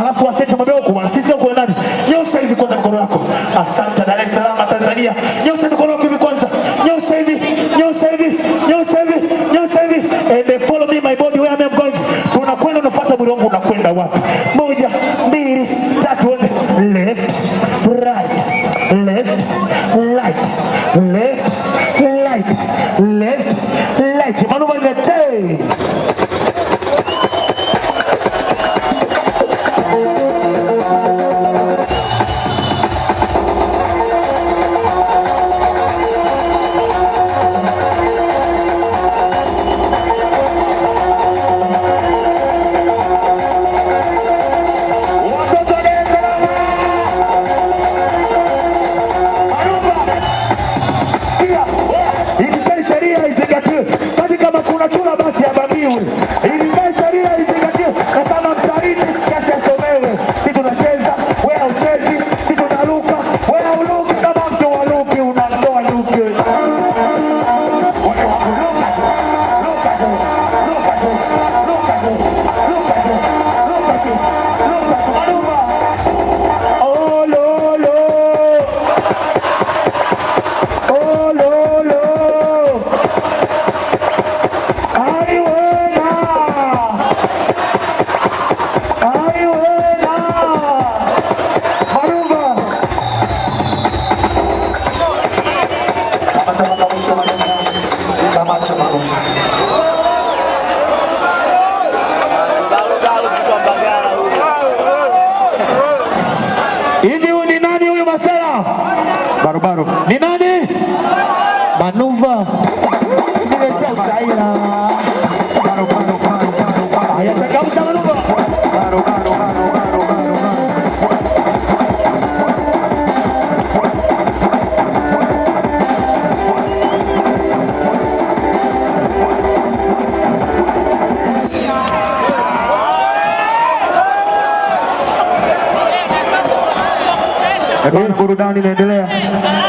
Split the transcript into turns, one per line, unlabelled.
alafu asante mwambie huko bwana, sisi huko nani? Nyosha hivi kwanza mikono yako. Asante Dar es Salaam Tanzania. Nyosha mikono yako hivi kwanza. Nyosha hivi, nyosha hivi, nyosha hivi, nyosha hivi. And follow me my body where I am going. Tunakwenda unafuata mwili wangu unakwenda wapi? kuna chura basi abambiwe. Hivi ni nani huyu Masela? Barobaro. Ni nani? Manuva. Nimesema Saira. Burudani inaendelea.